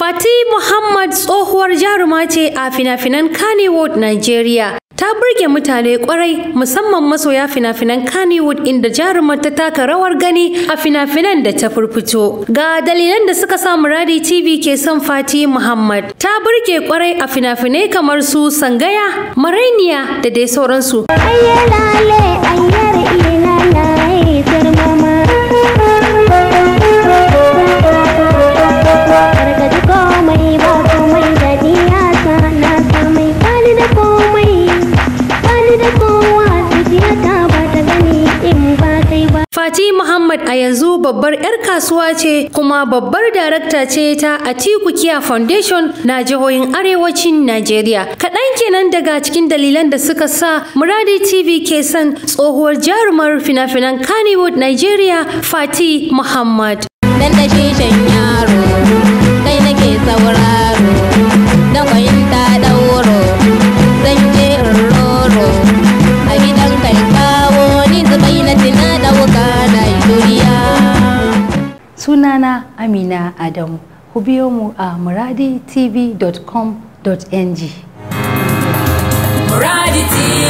Fati Muhammad tsohuwar jaruma ce a fina-finan Kannywood, Nigeria. Ta burge mutane kwarai musamman masoya fina-finan Kannywood inda jarumar ta taka rawar gani a fina-finan da ta furfito. Ga dalilan da suka sa Muradi TV ke son Fati Muhammad. Ta burge kwarai a fina-finai kamar su Sangaya, Marainiya da dai sauransu. Ayyana Fati Muhammad a yanzu babbar 'yar kasuwa ce kuma babbar darakta ce ta Atiku Kiya Foundation na jihohin Arewacin Najeriya. Kaɗan kenan daga cikin dalilan da suka sa Muradi TV ke son tsohuwar jarumar fina-finan Kannywood Najeriya Fati Muhammad. Dan da yaro. sunana amina adamu ku biyo mu a muraditv.com.ng muradi